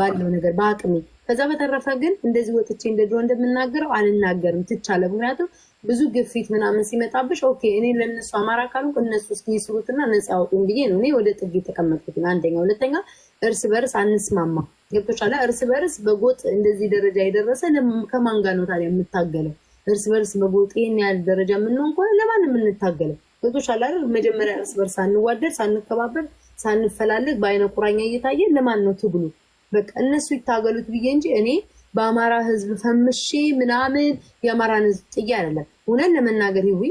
ባለው ነገር በአቅሜ። ከዛ በተረፈ ግን እንደዚህ ወጥቼ እንደ ድሮ እንደምናገረው አልናገርም ትቻለ ምክንያቱም ብዙ ግፊት ምናምን ሲመጣብሽ ኦኬ፣ እኔ ለእነሱ አማራ ካሉ እነሱ እስኪ ይስሩትና ነፃ ያውጡን ብዬ ነው እኔ ወደ ጥግ የተቀመጥኩት። አንደኛ። ሁለተኛ እርስ በርስ አንስማማ ገብቶሻል። እርስ በርስ በጎጥ እንደዚህ ደረጃ የደረሰ ከማን ጋር ነው ታዲያ የምታገለው? እርስ በርስ በጎጥ ይህን ያህል ደረጃ የምንሆን ከሆነ ለማን የምንታገለው? ገብቶሻል አይደል? መጀመሪያ እርስ በርስ ሳንዋደድ፣ ሳንከባበር፣ ሳንፈላለግ በአይነ ቁራኛ እየታየ ለማን ነው ትግሉ? በቃ እነሱ ይታገሉት ብዬ እንጂ እኔ በአማራ ህዝብ ፈምሼ ምናምን የአማራን ህዝብ ጥዬ አይደለም። እውነት ለመናገር ይዊ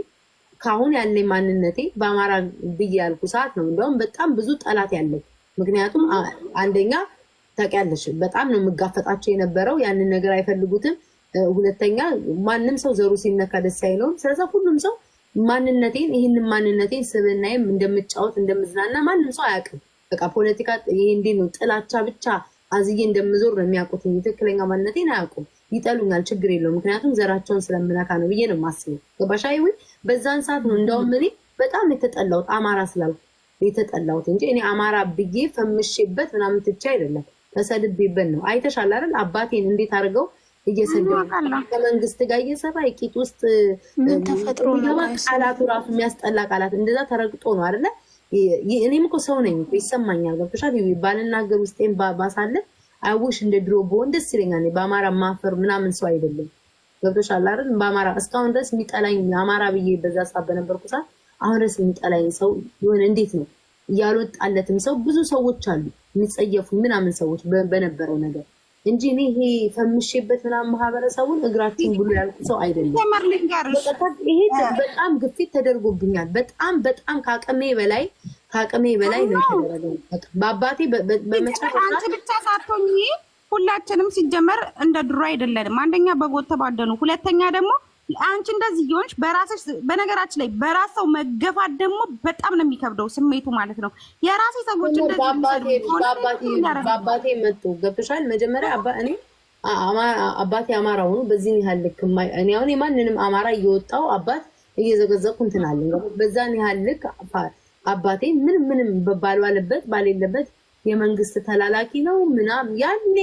ከአሁን ያለኝ ማንነቴ በአማራ ብዬ ያልኩ ሰዓት ነው። እንዲያውም በጣም ብዙ ጠላት ያለኝ ምክንያቱም አንደኛ ታውቂያለሽ፣ በጣም ነው የምጋፈጣቸው የነበረው። ያንን ነገር አይፈልጉትም። ሁለተኛ ማንም ሰው ዘሩ ሲነካ ደስ አይለውም። ስለዚ ሁሉም ሰው ማንነቴን ይህን ማንነቴን ስብናይም እንደምጫወት እንደምዝናና ማንም ሰው አያውቅም። በቃ ፖለቲካ ይህ እንዲ ነው ጥላቻ ብቻ አዝዬ እንደምዞር ነው የሚያውቁት። ትክክለኛ ማንነቴን አያውቁም። ይጠሉኛል፣ ችግር የለውም ምክንያቱም ዘራቸውን ስለምነካ ነው ብዬ ነው የማስበው። ገባሽ? አይዊ በዛን ሰዓት ነው እንደውም እኔ በጣም የተጠላሁት አማራ ስላልኩ የተጠላሁት እንጂ እኔ አማራ ብዬ ፈምሼበት ምናምን ትቼ አይደለም፣ ተሰድቤበት ነው። አይተሻል አይደል? አባቴን እንዴት አድርገው እየሰደው ከመንግስት ጋር እየሰራ የቂጥ ውስጥ ተፈጥሮ ቃላቱ ራሱ የሚያስጠላ ቃላት እንደዛ ተረግጦ ነው አይደለ እኔም እኮ ሰው ነኝ ይሰማኛል። ገብቶሻል? ባልናገር ውስጤን ባሳለ አይውሽ እንደ ድሮ በሆን ደስ ይለኛል። በአማራ ማፈር ምናምን ሰው አይደለም። ገብቶሻል አይደል? በአማራ እስካሁን ድረስ የሚጠላኝ አማራ ብዬ በዛ ሳ በነበርኩ ሰዓት አሁን ድረስ የሚጠላኝ ሰው የሆነ እንዴት ነው እያልወጣለትም ሰው ብዙ ሰዎች አሉ የሚጸየፉ ምናምን ሰዎች በነበረው ነገር እንጂ እኔ ይሄ ፈምሼበት ምናምን ማህበረሰቡን እግራችን ብሎ ያልኩ ሰው አይደለም። በጣም ግፊት ተደርጎብኛል። በጣም በጣም ከአቅሜ በላይ ከአቅሜ በላይ በአባቴ አንተ ብቻ ሳትሆኚ ሁላችንም ሲጀመር እንደ ድሮ አይደለንም። አንደኛ በጎተባደኑ፣ ሁለተኛ ደግሞ አንቺ እንደዚህ እየሆንሽ በራስሽ በነገራችን ላይ በራስ ሰው መገፋት ደግሞ በጣም ነው የሚከብደው ስሜቱ ማለት ነው። የራሴ ሰዎች በአባቴ መጡ ገብቶሻል። መጀመሪያ እኔ አባቴ አማራ ሆኑ በዚህን ያህል ልክ እኔ አሁን የማንንም አማራ እየወጣው አባት እየዘገዘኩ እንትን በዛን ያህል ልክ አባቴ ምንም ምንም ባልዋለበት ባሌለበት የመንግስት ተላላኪ ነው ምናም ያኔ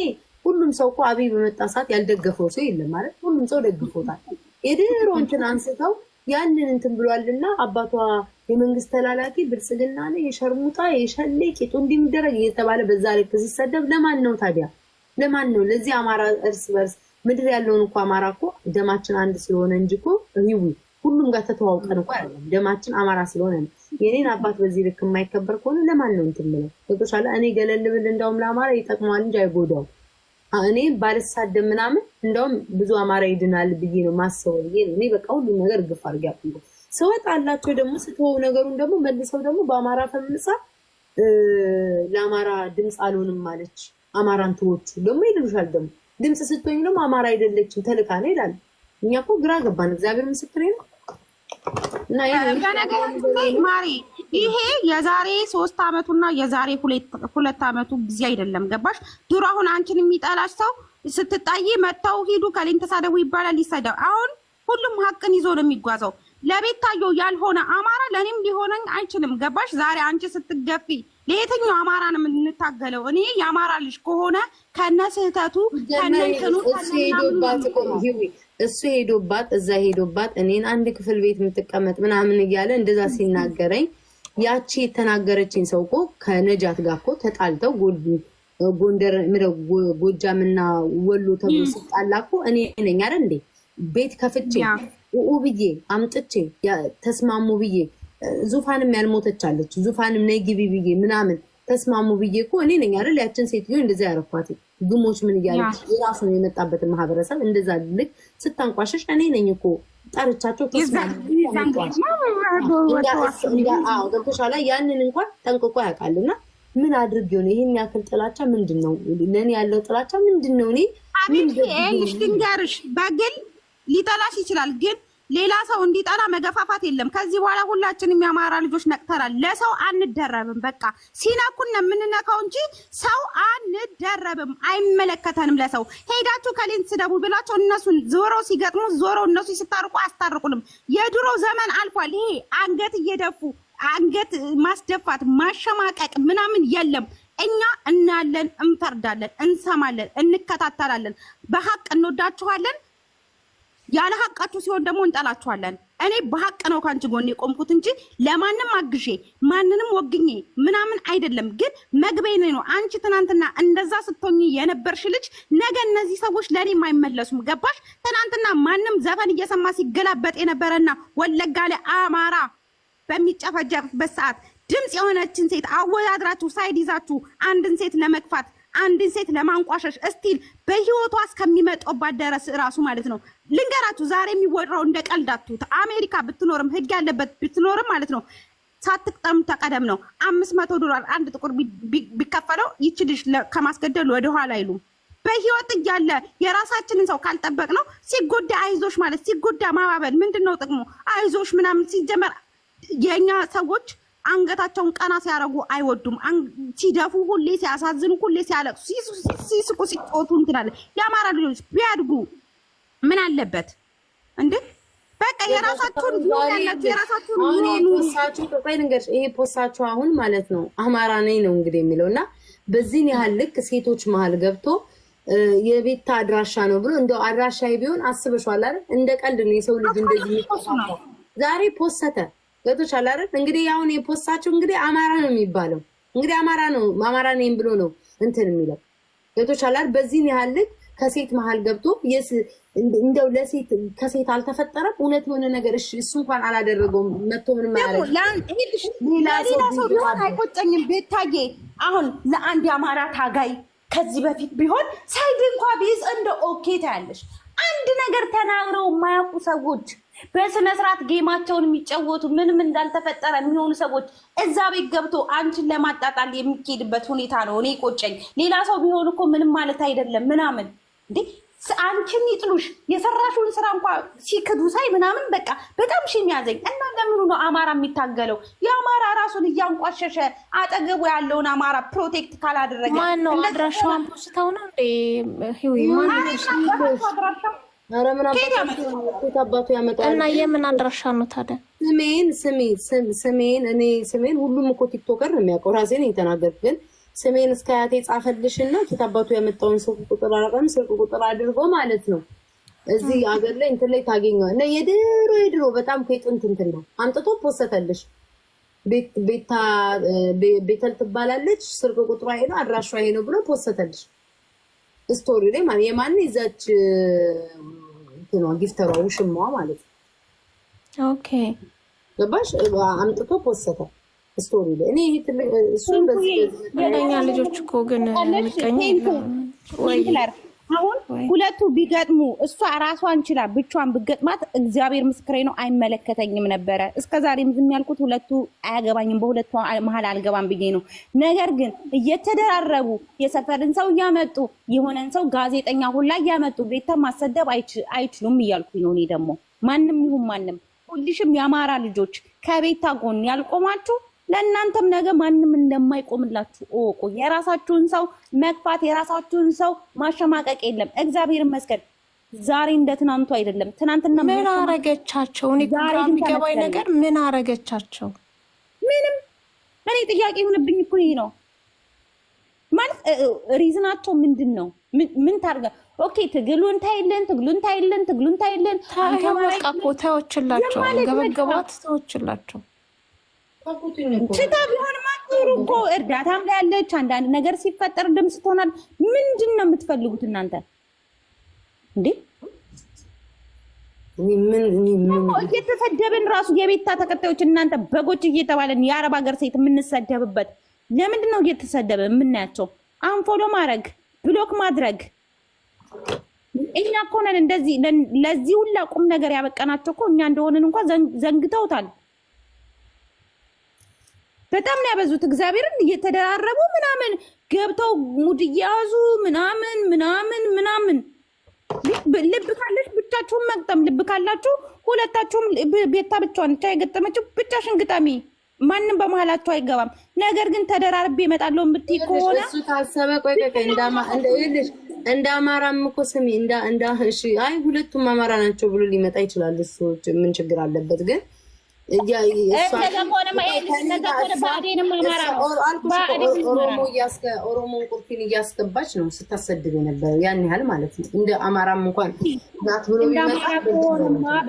ሁሉም ሰው እኮ አብይ በመጣ ሰዓት ያልደገፈው ሰው የለም ማለት ሁሉም ሰው ደግፎታል። የድሮ እንትን አንስተው ያንን እንትን ብሏልና አባቷ የመንግስት ተላላኪ ብልጽግና ነ የሸርሙጣ የሸሌ ቂጡ እንዲሚደረግ እየተባለ በዛ ልክ ሲሰደብ ለማን ነው ታዲያ? ለማን ነው? ለዚህ አማራ እርስ በርስ ምድር ያለውን እኮ አማራ እኮ ደማችን አንድ ስለሆነ እንጂ እኮ ህዊ ሁሉም ጋር ተተዋውቀን እኮ አይደለም። ደማችን አማራ ስለሆነ ነው። የኔን አባት በዚህ ልክ የማይከበር ከሆነ ለማን ነው እንትን ብለው እኔ ገለል ብል እንዳውም ለአማራ ይጠቅመዋል እንጂ አይጎዳውም። እኔ ባልሳደብ ምናምን እንደውም ብዙ አማራ ይድናል ብዬ ነው ማሰበው ብዬ ነው። እኔ በቃ ሁሉ ነገር ግፍ አድርጌ አቁንኩ። ስወጣ አላቸው ደግሞ ስትወው ነገሩን ደግሞ መልሰው ደግሞ በአማራ ፈምሳ ለአማራ ድምፅ አልሆንም ማለች። አማራን ትዎቹ ደግሞ ይልሉሻል። ደግሞ ድምፅ ስትወኝ ደግሞ አማራ አይደለችም ተልካ ነው ይላል። እኛ እኮ ግራ ገባን። እግዚአብሔር ምስክሬ ነው። በነገራችን ላይ ማሬ ይሄ የዛሬ ሶስት አመቱና የዛሬ ሁለት አመቱ ጊዜ አይደለም። ገባሽ? ድሮ አሁን አንቺን የሚጠላሽ ሰው ስትጣይ መጥተው ሂዱ ከሌን ተሳደቡ ይባላል፣ ይሳደብ። አሁን ሁሉም ሀቅን ይዞ ነው የሚጓዘው። ለቤታዮ ያልሆነ አማራ ለእኔም ሊሆነኝ አይችልም። ገባሽ? ዛሬ አንቺ ስትገፊ ለየትኛው አማራ ነው የምንታገለው? እኔ የአማራ ልጅ ከሆነ ከነ ስህተቱ እሱ ሄዶባት እዛ ሄዶባት እኔን አንድ ክፍል ቤት የምትቀመጥ ምናምን እያለ እንደዛ ሲናገረኝ ያቺ የተናገረችኝ ሰው እኮ ከነጃት ጋር እኮ ተጣልተው ጎንደር ምነው ጎጃምና ወሎ ተብሎ ሲጣላ እኮ እኔ ነኝ አይደል እንዴ ቤት ከፍቼ ውኡ ብዬ አምጥቼ ተስማሙ ብዬ ዙፋንም ያልሞተች አለች። ዙፋንም ነይ ግቢ ብዬ ምናምን ተስማሙ ብዬ እኮ እኔ ነኝ አይደል ያችን ሴትዮ እንደዚ ያረኳት። ግሞች ምን እያለች የራሱ ነው የመጣበትን ማህበረሰብ እንደዛ ልክ ስታንቋሸሽ እኔ ነኝ እኮ ጠርቻቸው ላይ ያንን እንኳን ጠንቅቆ ያውቃል። እና ምን አድርግ ሆነ ይህን ያክል ጥላቻ ምንድን ነው? ለእኔ ያለው ጥላቻ ምንድን ነው? እኔ ልሽ ልንገርሽ በግል ሊጠላሽ ይችላል ግን ሌላ ሰው እንዲጠላ መገፋፋት የለም። ከዚህ በኋላ ሁላችንም የአማራ ልጆች ነቅተራል። ለሰው አንደረብም። በቃ ሲነኩን የምንነካው እንጂ ሰው አንደረብም። አይመለከተንም። ለሰው ሄዳችሁ ከሌን ስደቡ ብላቸው እነሱን ዞሮ ሲገጥሙ ዞሮ እነሱ ሲታርቁ አስታርቁንም። የድሮ ዘመን አልፏል። ይሄ አንገት እየደፉ አንገት ማስደፋት ማሸማቀቅ ምናምን የለም። እኛ እናያለን፣ እንፈርዳለን፣ እንሰማለን፣ እንከታተላለን። በሀቅ እንወዳችኋለን። ያለ ሀቃችሁ ሲሆን ደግሞ እንጠላችኋለን። እኔ በሀቅ ነው ከአንቺ ጎን የቆምኩት እንጂ ለማንም አግዤ ማንንም ወግኜ ምናምን አይደለም። ግን መግቢያ ነው። አንቺ ትናንትና እንደዛ ስትሆኝ የነበርሽ ልጅ ነገ እነዚህ ሰዎች ለእኔ አይመለሱም። ገባሽ? ትናንትና ማንም ዘፈን እየሰማ ሲገላበጥ የነበረና ወለጋ ላይ አማራ በሚጨፈጀፍበት ሰዓት ድምፅ የሆነችን ሴት አወዳድራችሁ ሳይድ ይዛችሁ አንድን ሴት ለመግፋት አንድን ሴት ለማንቋሸሽ እስቲል በህይወቷ እስከሚመጣባት ድረስ እራሱ ማለት ነው። ልንገራችሁ ዛሬ የሚወራው እንደ ቀልዳችሁ አሜሪካ ብትኖርም ህግ ያለበት ብትኖርም ማለት ነው ሳትቅጠም ተቀደም ነው። አምስት መቶ ዶላር አንድ ጥቁር ቢከፈለው ይችልሽ ከማስገደሉ ወደኋላ አይሉም። በህይወት እያለ የራሳችንን ሰው ካልጠበቅ ነው ሲጎዳ አይዞሽ ማለት ሲጎዳ ማባበል ምንድን ነው ጥቅሙ? አይዞሽ ምናምን ሲጀመር የእኛ ሰዎች አንገታቸውን ቀና ሲያደርጉ አይወዱም። ሲደፉ፣ ሁሌ ሲያሳዝኑ፣ ሁሌ ሲያለቅሱ፣ ሲስቁ፣ ሲጮቱ እንትናለ የአማራ ልጆች ቢያድጉ ምን አለበት እንዴ? በቃ የራሳችሁን ያላችሁ የራሳችሁን ይሄ ፖሳችሁ አሁን ማለት ነው አማራ ነኝ ነው እንግዲህ የሚለው እና በዚህን ያህል ልክ ሴቶች መሀል ገብቶ የቤታ አድራሻ ነው ብሎ እንደው አድራሻ ቢሆን አስበሽዋል አይደል? እንደ ቀልድ ነው የሰው ልጅ እንደዚህ ዛሬ ፖሰተ ገብቶሻል አይደል? እንግዲህ አሁን የፖስታቸው እንግዲህ አማራ ነው የሚባለው እንግዲህ አማራ ነው አማራ ነኝ ብሎ ነው እንትን የሚለው ገብቶሻል አይደል? በዚህን ያህል ልጅ ከሴት መሀል ገብቶ እንደው ለሴት ከሴት አልተፈጠረም እውነት የሆነ ነገር እሱ እንኳን አላደረገውም። መጥቶ ምንም ሌላ ሰው ቢሆን አይቆጨኝም። ቤታዬ አሁን ለአንድ የአማራ ታጋይ ከዚህ በፊት ቢሆን ሳይድ እንኳ ቢይዝ እንደ ኦኬ ታያለሽ። አንድ ነገር ተናግረው የማያውቁ ሰዎች በስነ ስርዓት ጌማቸውን የሚጫወቱ ምንም እንዳልተፈጠረ የሚሆኑ ሰዎች እዛ ቤት ገብቶ አንቺን ለማጣጣል የሚኬድበት ሁኔታ ነው እኔ ቆጨኝ። ሌላ ሰው ቢሆን እኮ ምንም ማለት አይደለም ምናምን እንዴ አንቺን ይጥሉሽ የሰራሽውን ስራ እንኳ ሲክዱ ሳይ ምናምን በቃ በጣም ሺ የሚያዘኝ እና ለምኑ ነው አማራ የሚታገለው? የአማራ ራሱን እያንቋሸሸ አጠገቡ ያለውን አማራ ፕሮቴክት ካላደረገ ማነው አድራሻውን ፖስተው ነው እንዴ እና የምን አድራሻ ነው ታዲያ? ስሜን ስሜን እኔ ስሜን ሁሉም እኮ ቲክቶከር ነው የሚያውቀው። ራሴ ነው ግን ስሜን እስከ አያቴ ጻፈልሽ እና ኪታባቱ ያመጣውን ስልክ ቁጥር አረቀም ስልክ ቁጥር አድርጎ ማለት ነው እዚህ አገር ላይ እንትን ላይ ታገኘዋል። እና የድሮ የድሮ በጣም እኮ እንትን ነው አምጥቶ ፖሰተልሽ። ቤተል ትባላለች ስልክ ቁጥሯ ይሄ ነው አድራሿ ይሄ ነው ብሎ ፖሰተልሽ ስቶሪ ላይ የማን እንትኗ ጊፍተሯ ውሽሟ ማለት ነው። ኦኬ ገባሽ? አምጥቶ ፖሰተ ስቶሪ ላይ እኔ ይሄ ትልቅ እሱ ልጆች እኮ ግን ምቀኝ ወይ አሁን ሁለቱ ቢገጥሙ እሷ ራሷን ችላ ብቻዋን ብገጥማት እግዚአብሔር ምስክሬ ነው አይመለከተኝም ነበረ። እስከዛሬ ዝም ያልኩት ሁለቱ አያገባኝም፣ በሁለቱ መሀል አልገባም ብዬ ነው። ነገር ግን እየተደራረቡ የሰፈርን ሰው እያመጡ የሆነን ሰው ጋዜጠኛ ሁላ እያመጡ ቤተ ማሰደብ አይችሉም እያልኩኝ ነው። እኔ ደግሞ ማንም ይሁን ማንም ሁልሽም የአማራ ልጆች ከቤታ ጎን ያልቆማችሁ ለእናንተም ነገ ማንም እንደማይቆምላችሁ እወቁ። የራሳችሁን ሰው መግፋት፣ የራሳችሁን ሰው ማሸማቀቅ የለም። እግዚአብሔር ይመስገን ዛሬ እንደ ትናንቱ አይደለም። ትናንትና ምን አረገቻቸው? እኔ የሚገባኝ ነገር ምን አረገቻቸው? ምንም። እኔ ጥያቄ የሆነብኝ እኮ ይሄ ነው ማለት ሪዝናቸው ምንድን ነው? ምን ታርገ ኦኬ፣ ትግሉን ታይልን፣ ትግሉን ታይልን፣ ትግሉን ታይልን። ተወችላቸው፣ ገበገባት፣ ተወችላቸው ችታ ቢሆንማ ጥሩ እኮ እርዳታም ላይ ያለች አንዳንድ ነገር ሲፈጠር ድምፅ ትሆናል። ምንድን ነው የምትፈልጉት እናንተ እንዴ? እየተሰደብን ራሱ የቤታ ተከታዮች እናንተ በጎች እየተባለን የአረብ ሀገር ሴት የምንሰደብበት ለምንድን ነው እየተሰደበ የምናያቸው? አንፎሎ ማድረግ ብሎክ ማድረግ እኛ እኮ እንደዚህ ለዚህ ሁላ ቁም ነገር ያበቀናቸው እኮ እኛ እንደሆንን እንኳን ዘንግተውታል። በጣም ነው ያበዙት። እግዚአብሔርን እየተደራረቡ ምናምን ገብተው ሙድ እየያዙ ምናምን ምናምን ምናምን። ልብ ካለች ብቻችሁን መግጠም፣ ልብ ካላችሁ ሁለታችሁም። ቤታ ብቻዋን ብቻ የገጠመችው ብቻሽን ግጠሚ፣ ማንም በመሀላችሁ አይገባም። ነገር ግን ተደራርቤ እመጣለሁ እምትይ ከሆነ እሱ ታሰበ። ቆይ እንደ አማራም እኮ ስሚ፣ እንደ አይ ሁለቱም አማራ ናቸው ብሎ ሊመጣ ይችላል። እሱ ምን ችግር አለበት ግን ኦሮሞን ቁርፊን እያስገባች ነው ስታሰድብ የነበረ ያን ያህል ማለት ነው። እንደ አማራም እንኳን ናት ብሎ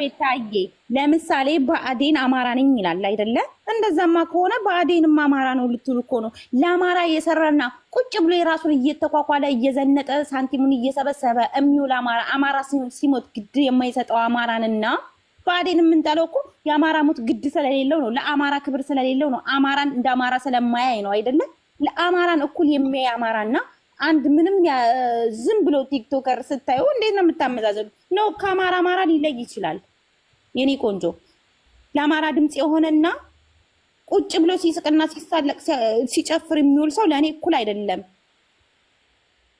ቤታዬ ለምሳሌ በአዴን አማራ ነኝ ይላል አይደለ? እንደዛማ ከሆነ ብአዴንም አማራ ነው ልትሉ እኮ ነው። ለአማራ እየሰራና ቁጭ ብሎ የራሱን እየተኳኳለ እየዘነጠ ሳንቲሙን እየሰበሰበ የሚውል አማራ አማራ ሲሞት ግድ የማይሰጠው አማራንና ባዴን የምንጠለው እኮ የአማራ ሞት ግድ ስለሌለው ነው። ለአማራ ክብር ስለሌለው ነው። አማራን እንደ አማራ ስለማያይ ነው አይደለም። ለአማራን እኩል የሚያይ አማራና አንድ ምንም ዝም ብሎ ቲክቶከር ስታዩ እንዴት ነው የምታመዛዘሉ? ነው ከአማራ አማራ ሊለይ ይችላል። የኔ ቆንጆ ለአማራ ድምፅ የሆነና ቁጭ ብሎ ሲስቅና ሲሳለቅ ሲጨፍር የሚውል ሰው ለእኔ እኩል አይደለም።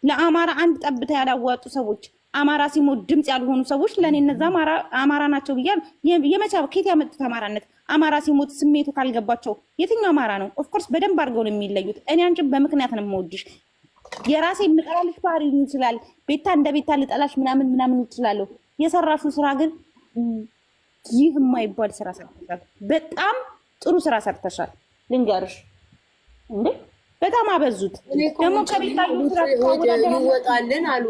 ለአማራ አንድ ጠብታ ያላዋጡ ሰዎች አማራ ሲሞት ድምፅ ያልሆኑ ሰዎች ለእኔ እነዛ አማራ ናቸው ብያል። የመቻ ኬት ያመጡት አማራነት አማራ ሲሞት ስሜቱ ካልገባቸው የትኛው አማራ ነው? ኦፍኮርስ በደንብ አድርገው ነው የሚለዩት። እኔ አንቺን በምክንያት ነው የምወድሽ። የራሴ የምጠላልሽ ባህሪ ይችላል። ቤታ እንደ ቤታ ልጠላሽ ምናምን ምናምን ይችላለሁ። የሰራሹ ስራ ግን ይህ የማይባል ስራ ሰርተሻል። በጣም ጥሩ ስራ ሰርተሻል። ልንገርሽ እንዴ በጣም አበዙት። ደግሞ ይወጣልን አሉ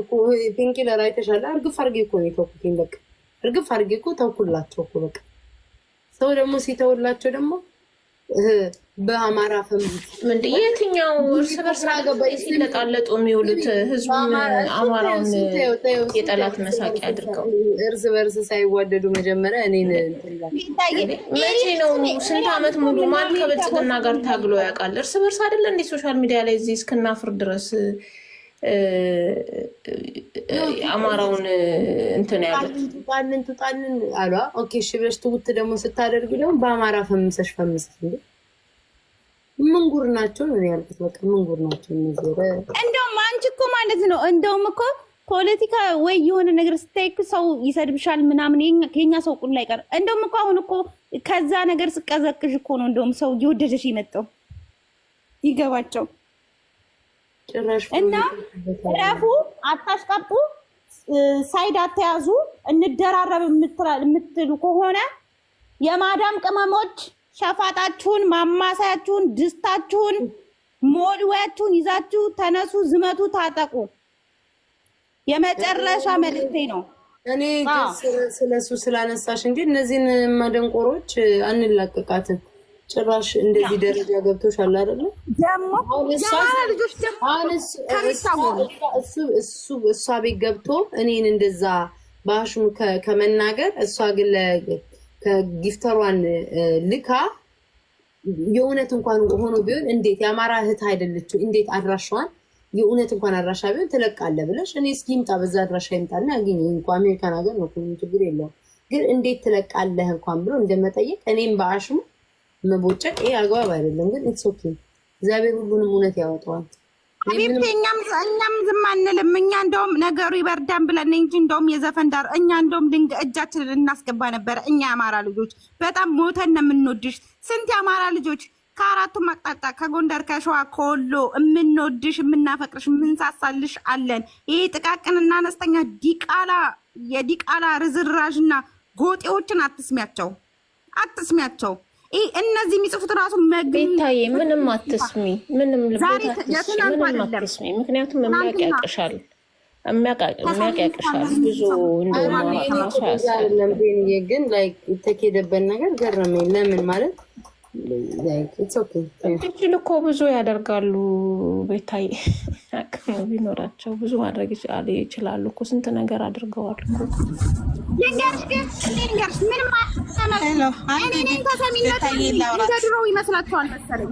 ፒንኪ ለራ የተሻለ እርግፍ አርጌ እኮ የተኩኝ የተውኩትኝ። እርግፍ አርጌ እኮ ተኩላቸው እኮ በቃ ሰው ደግሞ ሲተውላቸው ደግሞ በአማራ ፈምት የትኛው እርስ በርስ ሲለጣለጡ የሚውሉት ህዝቡን አማራውን የጠላት መሳቂያ አድርገው እርስ በርስ ሳይዋደዱ መጀመሪያ እኔን መቼ ነው? ስንት አመት ሙሉ ማን ከብልጽግና ጋር ታግሎ ያውቃል? እርስ በርስ አይደለ እንዲ ሶሻል ሚዲያ ላይ እዚህ እስክናፍር ድረስ አማራውን እንትን ያሉት ጣንን ጣንን አሏ። ኦኬ እሺ ትውት ደግሞ ስታደርግ ደግሞ በአማራ ፈምሰሽ ፈምሰሽ ምንጉር ናቸው ነው ያልኩት። በቃ ምንጉር ናቸው እነዚህ። እንደውም አንቺ እኮ ማለት ነው እንደውም እኮ ፖለቲካ ወይ የሆነ ነገር ስታይክ ሰው ይሰድብሻል ምናምን፣ የኛ ሰው ቁላ ይቀር። እንደውም እኮ አሁን እኮ ከዛ ነገር ስቀዘቅዥ እኮ ነው እንደውም ሰው እየወደደሽ የመጣው ይገባቸው እና ረፉ አታሽቀጡ፣ ሳይድ አተያዙ፣ እንደራረብ የምትሉ ከሆነ የማዳም ቅመሞች ሸፋጣችሁን፣ ማማሳያችሁን፣ ድስታችሁን፣ ሞድዋያችሁን ይዛችሁ ተነሱ፣ ዝመቱ፣ ታጠቁ። የመጨረሻ መልእክቴ ነው። እኔ ስለሱ ስላነሳሽ እንጂ እነዚህን መደንቆሮች አንላቅቃትም። ጭራሽ እንደዚህ ደረጃ ገብቶች አለ አይደለ? እሷ ቤት ገብቶ እኔን እንደዛ ባህሽሙ ከመናገር እሷ ግን ከጊፍተሯን ልካ የእውነት እንኳን ሆኖ ቢሆን እንዴት የአማራ እህት አይደለች? እንዴት አድራሻዋን የእውነት እንኳን አድራሻ ቢሆን ትለቃለ ብለሽ እኔ እስኪ ይምጣ በዛ አድራሻ ይምጣና ያገኘ እንኳ አሜሪካን ሀገር ነው ችግር የለውም። ግን እንዴት ትለቃለህ እንኳን ብሎ እንደመጠየቅ እኔም በአሽሙ መቦጨቅ ይህ አግባብ አይደለም። ግን ኢትስ ኦኬ እግዚአብሔር ሁሉንም እውነት ያወጣዋል። ሀቢብቴ እኛም ዝም አንልም። እኛ እንደውም ነገሩ ይበርዳን ብለን እንጂ እንደውም የዘፈን ዳር እኛ እንደውም ድንግ እጃችንን እናስገባ ነበረ። እኛ የአማራ ልጆች በጣም ሞተን ነው የምንወድሽ። ስንት የአማራ ልጆች ከአራቱም አቅጣጫ ከጎንደር፣ ከሸዋ፣ ከወሎ የምንወድሽ፣ የምናፈቅርሽ፣ የምንሳሳልሽ አለን። ይህ ጥቃቅንና አነስተኛ ዲቃላ የዲቃላ ርዝራዥና ጎጤዎችን አትስሚያቸው፣ አትስሚያቸው። እነዚህ የሚጽፉት ራሱ ቤታዬ፣ ምንም አትስሚ፣ ምንም አትስሚ። ምክንያቱም የሚያውቅ ያቅሻል፣ ብዙ እንደሆነ ራሱ ግን ላይ የተኬደበት ነገር ገረመኝ። ለምን ማለት እንድችል እኮ ብዙ ያደርጋሉ። ቤታይ አቅሙ ቢኖራቸው ብዙ ማድረግ ይችላሉ እኮ ስንት ነገር አድርገዋል። ድሮው ይመስላቸዋል መሰለኝ።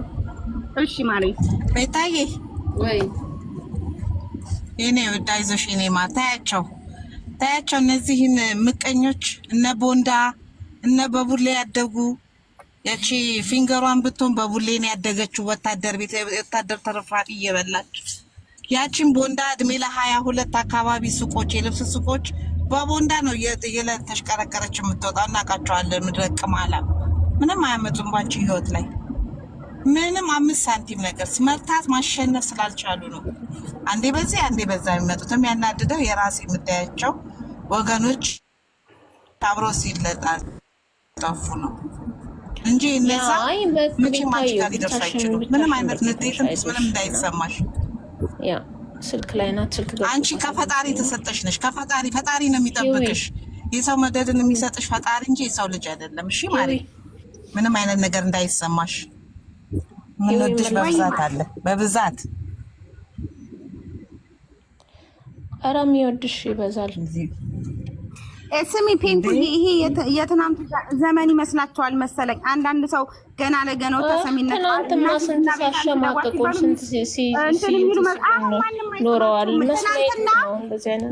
እሺ ማርዬ፣ ቤታዬ የኔ ወዳ ይዞሽ የኔ ማ ታያቸው ታያቸው እነዚህን ምቀኞች እነ ቦንዳ እነ በቡላ ያደጉ ያቺ ፊንገሯን ብትሆን በቡሌን ያደገችው ወታደር ቤት ወታደር ተረፋቂ እየበላች ያቺን ቦንዳ እድሜ ለሀያ ሁለት አካባቢ ሱቆች፣ የልብስ ሱቆች በቦንዳ ነው የዕለት ተሽቀረቀረች የምትወጣው። እናውቃቸዋለን። ምድረቅም አላ ምንም አያመጡም ባቸው ህይወት ላይ ምንም አምስት ሳንቲም ነገር ስመርታት ማሸነፍ ስላልቻሉ ነው። አንዴ በዚህ አንዴ በዛ የሚመጡትም ያናድደው የራሴ የምታያቸው ወገኖች አብሮ ሲለጣ ጠፉ ነው እንጂ እነዛ መቼም አንቺ ጋር ሊደርስ አይችሉም። ምንም አይነት ንዴትም ምንም እንዳይሰማሽ ስልክ ላይ ናት። ስልክ አንቺ ከፈጣሪ የተሰጠሽ ነሽ። ከፈጣሪ ፈጣሪ ነው የሚጠብቅሽ። የሰው መደድን የሚሰጥሽ ፈጣሪ እንጂ የሰው ልጅ አይደለም። እሺ ማሪ፣ ምንም አይነት ነገር እንዳይሰማሽ። ምንወድሽ በብዛት አለ በብዛት ኧረ የሚወድሽ ይበዛል። Eh, ስሚ ፔንኩኝ፣ ይሄ የትናንቱ ዘመን ይመስላቸዋል መሰለኝ። አንዳንድ ሰው ገና ለገናው ተሰሚነት ትናንትና ስንት ሲያሸማቅቁ ስንት ኖረዋል። ትናንትና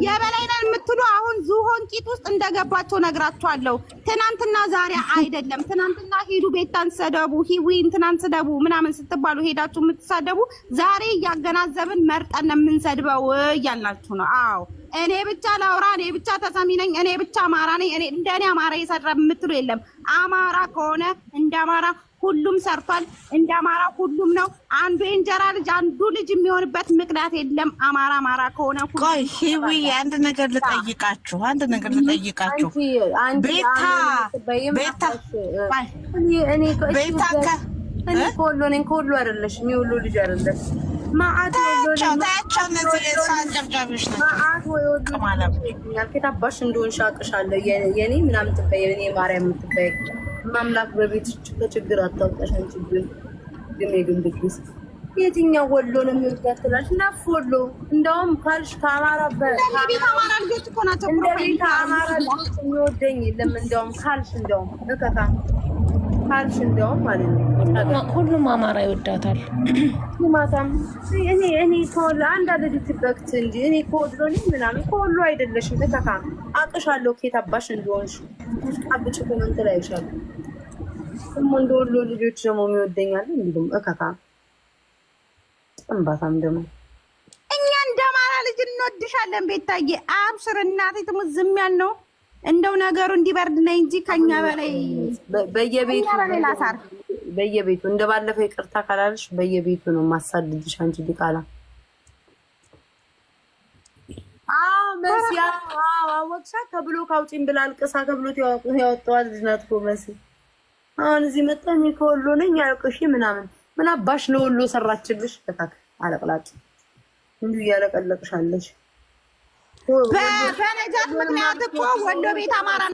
የበላይ የምትሉ አሁን ዝሆን ቂጥ ውስጥ እንደገባቸው ነግራቸዋለሁ። ትናንትና ዛሬ አይደለም። ትናንትና ሂዱ ቤታን ሰደቡ፣ ሂዊ እንትናን ስደቡ ምናምን ስትባሉ ሄዳችሁ የምትሳደቡ ዛሬ እያገናዘብን መርጠን የምንሰድበው እያልናችሁ ነው። አዎ እኔ ብቻ ላውራ፣ እኔ ብቻ ተሰሚ ነኝ፣ እኔ ብቻ አማራ ነኝ። እኔ እንደኔ አማራ የሰራ የምትሉ የለም። አማራ ከሆነ እንደ አማራ ሁሉም ሰርቷል። እንደ አማራ ሁሉም ነው። አንዱ የእንጀራ ልጅ አንዱ ልጅ የሚሆንበት ምክንያት የለም። አማራ አማራ ከሆነ ቆይ፣ ሂዊ አንድ ነገር ልጠይቃችሁ፣ አንድ ነገር ልጠይቃችሁ። ቤታ ቤታ ቤታ ከ ከሁሉ ነኝ ከሁሉ አይደለሽ የሚውሉ ልጅ አይደለሽ መዓት ወወዱልከታባሽ እንደሆን ሻቅሻለሁ የኔ ምናምን ትበይ የኔ ማርያም ትበይ ማምላክ በቤት ከችግር አታውጣሽን። ችግር ግሜ ግን ብግስ የትኛው ወሎ ነው የሚወዳት ትላለች። ናፍ ወሎ እንደውም ካልሽ ከአማራ በቤት ቤት አማራ ልጆች የሚወደኝ የለም። እንደውም ካልሽ እንደውም እከካ ካልሽ እንዲያውም ማለት ነው ሁሉም አማራ ይወዳታል። ማታም እኔ እኔ ከወሎ አንድ አለ ልትበክት እንጂ እኔ ከወሎ እኔ ምናምን ከወሎ አይደለሽም። ተተካ አቅሻለሁ። ኬት አባሽ እንደሆንሽ አብጭ ኮመንት ላይ ይሻሉ እሞ እንደ ወሎ ልጆች ደግሞ የሚወደኛል እንዲሁም እከካ ጥንባታም ደግሞ እኛ እንደ አማራ ልጅ እንወድሻለን። ቤታዬ አብስር እናቴ ትሙት ዝም ያል ነው እንደው ነገሩ እንዲበርድ ነው እንጂ ከኛ በላይ በየቤቱ በየቤቱ እንደ ባለፈው ይቅርታ ካላልሽ በየቤቱ ነው ማሳድድሽ። አንቺ ዲቃላ መስያ አወቅሻ ከብሎ ካውጪን ብላ አልቅሳ ከብሎ ያወጣዋል። ልጅ እኮ መሲ። አሁን እዚህ መጣ እኔ ከወሎ ነኝ ያውቅሽ ምናምን ምን አባሽ ለወሎ ሰራችልሽ? በታክ አለቅላጭ እንዲሁ እያለቀለቅሻለሽ በነጃት ምክንያት እኮ ወሎ ቤት አማራ